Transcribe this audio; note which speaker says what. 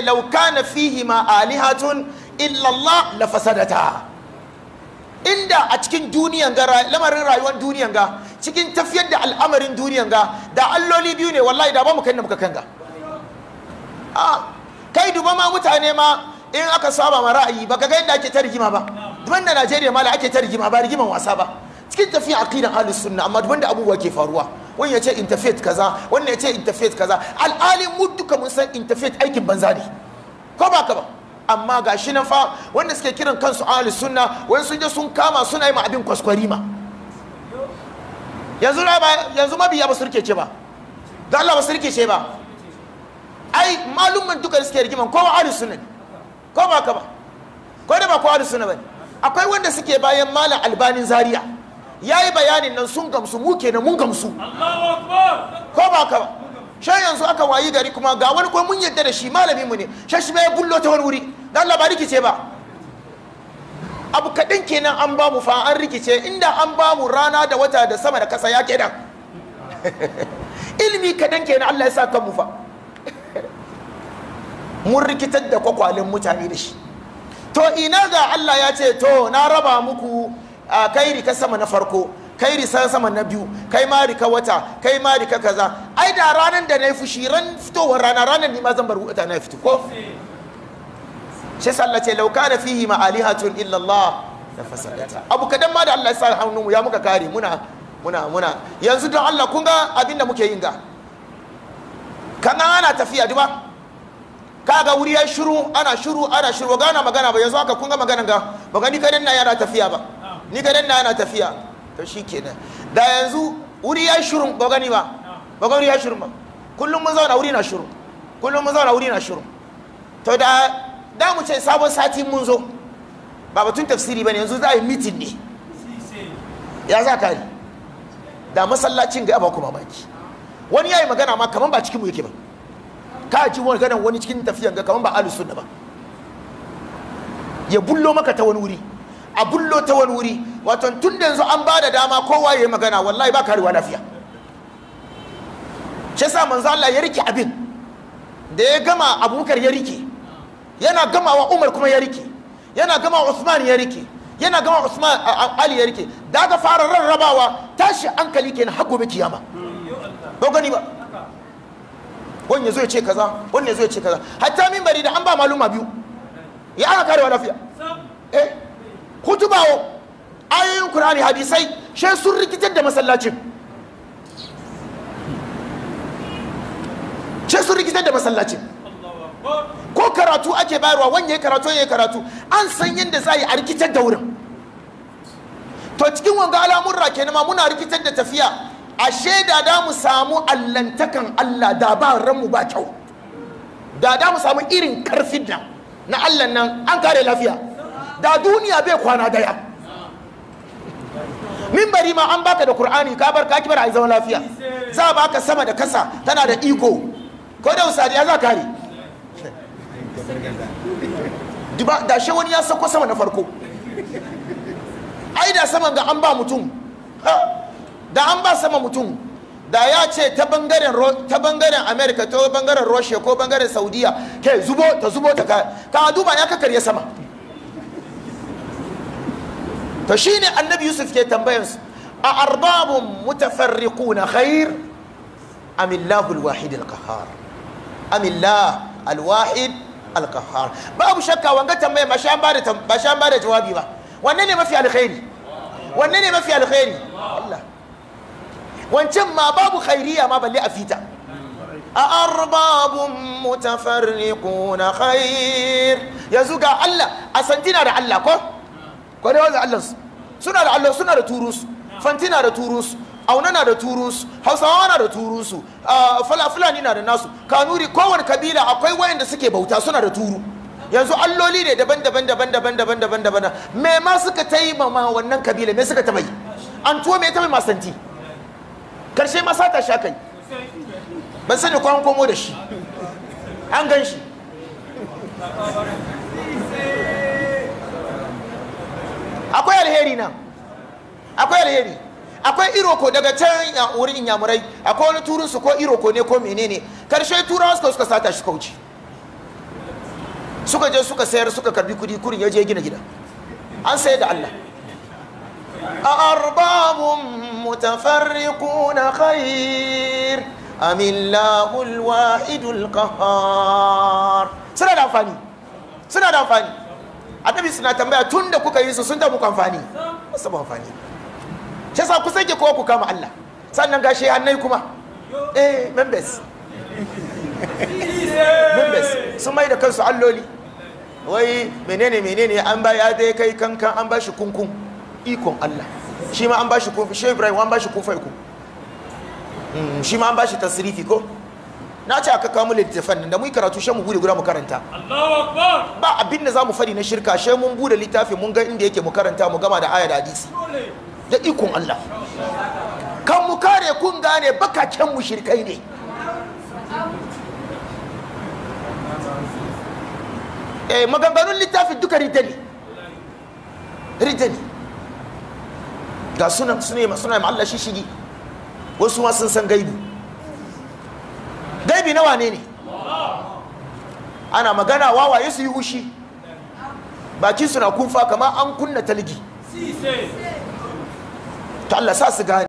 Speaker 1: ce lauka na fihi ma alihatun illallah la fasadata inda a cikin duniyan ga lamarin rayuwar duniyan ga cikin tafiyar da al'amarin duniyan ga da alloli biyu ne wallahi da ba mu kanna muka kanga ga kai duba ma mutane ma in aka saba ma ra'ayi ba ga yadda ake ta rigima ba duban da Najeriya ma la ake ta rigima ba rigiman wasa ba cikin tafiya aqidan ahlus sunna amma duban da abubuwa ke faruwa wani ya ce interfaith kaza wani ya ce interfaith kaza al'alin mu duka mun san interfaith aikin banza ne ko ba ka ba amma ga shi na fa wanda suke kiran kansu ahli sunna wani sun je sun kama suna yi ma abin kwaskwari ma yanzu yanzu biya ba su rike ce ba da Allah ba su rike ce ba ai malumman duka da suke rigiman ko ahli sunna ne ko ba ka ba ko da ba ko ahli sunna ba akwai wanda suke bayan malam albanin zaria ya yi bayanin nan sun gamsu mu kenan mun gamsu ko ba ka shan yanzu aka wayi gari kuma ga wani kuma mun yadda da shi malami mu ne shan shi ya bullo ta wani wuri dan Allah ba rikice ba abu kaɗan kenan an ba mu fa an rikice inda an ba mu rana da wata da sama da kasa ya kenan ilimi kaɗan kenan Allah ya sa kan mu fa mun rikitar da kwakwalin mutane da shi to ina ga Allah ya ce to na raba muku kai rika sama na farko kai rika sama na biyu kai ma rika wata kai ma rika kaza ai da ranar da na yi fushi ran fitowar rana ranar ni ma zan bar wuta na fito ko shi sallace ce lauka da fihi ma alihatun illallah da fasadata abu kadan ma da Allah ya sa hannun ya muka kare muna muna muna yanzu don Allah kun ga abin da muke yin ga kana ana tafiya duba kaga wuri ya shiru ana shiru ana shiru ga ana magana ba yanzu haka kun ga magana ga ba gani kadan na yana tafiya ba ni ga na ana tafiya to shi kenan da yanzu wuri ya shirin ba gani ba ba gani ya shirin ba kullum mun zauna wuri na shirin kullum mun zauna wuri na shirin to da da mu ce sabon sati mun zo ba batun tafsiri bane yanzu za a yi mitin ne ya za ka yi da masallacin ga ba kuma baki wani yayi magana ma kaman ba cikin mu yake ba ka ji wani ganin wani cikin tafiyan ga kaman ba ahlus ba ya bullo maka ta wani wuri a bullo ta wani wuri wato tun da yanzu an ba da dama kowa ya yi magana wallahi ba karewa lafiya shi yasa manzo Allah ya rike abin da ya gama abubakar ya rike yana gamawa umar kuma ya rike yana gama usman ya rike yana gama usman ali ya rike da aka fara rarrabawa tashi hankali kenan har gobe kiyama ba gani ba wani ya zo ya ce kaza wani ya zo ya ce kaza hatta min bari da an ba maluma biyu ya ana karewa lafiya hutubawo ayoyin kur'ani hadisai she sun rikitar da masallacin she sun rikitar da masallacin ko karatu ake bayarwa wanda ya karatu ya karatu an san yadda za a rikitar da wurin to cikin wanga al'amurra ke ma muna rikitar da tafiya ashe da da mu samu allantakan Allah da ba ranmu ba kyau da da mu samu irin karfin nan na Allah nan an kare lafiya da duniya bai kwana daya mimbari ma an baka da kur'ani ka bar kaki bar a zaman lafiya za a baka sama da kasa tana da iko ko da ya za ne da shi wani ya sako sama na farko ai da saman ga an ba mutum da an ba sama mutum da ya ce ta bangaren ta bangaren america ta bangaren russia ko bangaren saudiya ke zubo ta zubo ta ka duba ya ya sama to shine annabi yusuf ke tambayansu a arbabun mutafarriquna khair amillahu alwahid alqahar amillah alwahid alqahar babu shakka wanga tambaya ba shan bada ba shan bada jawabi ba wanne ne mafi alkhairi wanne ne mafi alkhairi Allah wancan ma babu khairiya ma balle a fita a arbabun mutafarriquna khair yanzu ga Allah a santina da Allah ko ko ne wanda Allah su suna da allo suna da turus fantina da turus auna na da turus hausawa na da turusu fulani na da nasu kanuri kowane kabila akwai wayanda suke bauta suna da turu yanzu alloli ne daban-daban daban-daban daban-daban daban me ma suka taimama wannan kabila me suka taɓa yi an tuwo me taɓa masanti karshe ma sata sha kai ban sani kwan komo da shi an gan shi alheri nan akwai alheri akwai iroko daga can wurin inyamurai akwai wani turun su ko iroko ne ko menene karshe turawa suka suka sata shi kauci suka je suka sayar suka karbi kudi kurin ya je gina gida an sayar da Allah arbabun أأرباب متفرقون خير أم الله suna da amfani suna da amfani annabi suna tambaya tun da kuka yi su sun tabu muku amfani ba amfani shi sa ku sake kowa ku kama Allah sannan gashi hannai kuma eh members members sun mai da kansu alloli wai menene menene an ba ya dai kai kankan an ba shi kunkun ikon Allah shi ma an ba shi kunfi shi Ibrahim an ba shi kunfai fai hmm, shi ma an ba shi tasrifi ko na ce aka kawo littafan nan da mu karatu shi mu bude guda mu karanta ba abin da zamu fadi na shirka shi mun bude littafin mun ga inda yake mu karanta mu gama da aya da hadisi da ikon Allah kan mu kare kun gane bakaken mu shirkai ne eh maganganun littafin duka ridani ridani ga sunan suna Allah shi shigi wasu ma sun san gaibi gaibi na wane ne ana magana wawaye su yi hushi baki suna kunfa kama an kunna talgi ta Allah sa su gane